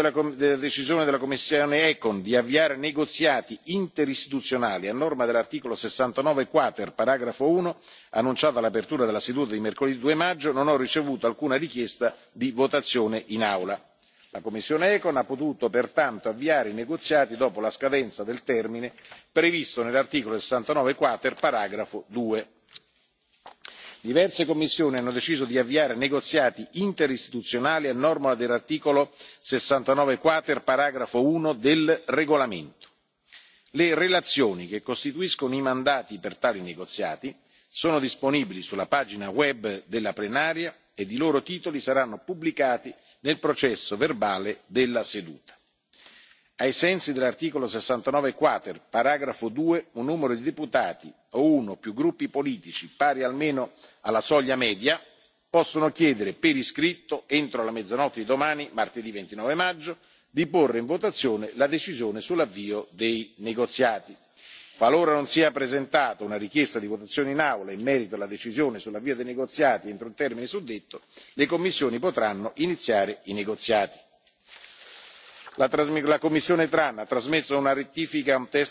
atto della decisione della commissione econ di avviare negoziati interistituzionali a norma dell'articolo sessantanove quater paragrafo uno annunciato all'apertura della seduta di mercoledì due maggio non ho ricevuto alcuna richiesta di votazione in aula. la commissione econ ha potuto pertanto avviare i negoziati dopo la scadenza del termine previsto nell'articolo sessantanove quater paragrafo due diverse commissioni hanno deciso di avviare negoziati interistituzionali a norma dell'articolo sessantanove quater paragrafo uno del regolamento. le relazioni che costituiscono i mandati per tali negoziati sono disponibili sulla pagina web della plenaria ed i loro titoli saranno pubblicati nel processo verbale della seduta ai sensi dell'articolo sessantanove quater paragrafo due un numero di deputati o uno o più gruppi politici pari almeno alla soglia media possono chiedere per iscritto entro la mezzanotte di domani martedì ventinove maggio di porre in votazione la decisione sull'avvio dei negoziati. qualora non sia presentata una richiesta di votazione in aula in merito alla decisione sull'avvio dei negoziati entro il termine suddetto le commissioni potranno iniziare i negoziati la commissione tran ha trasmesso una rettifica a un testo della commissione envi.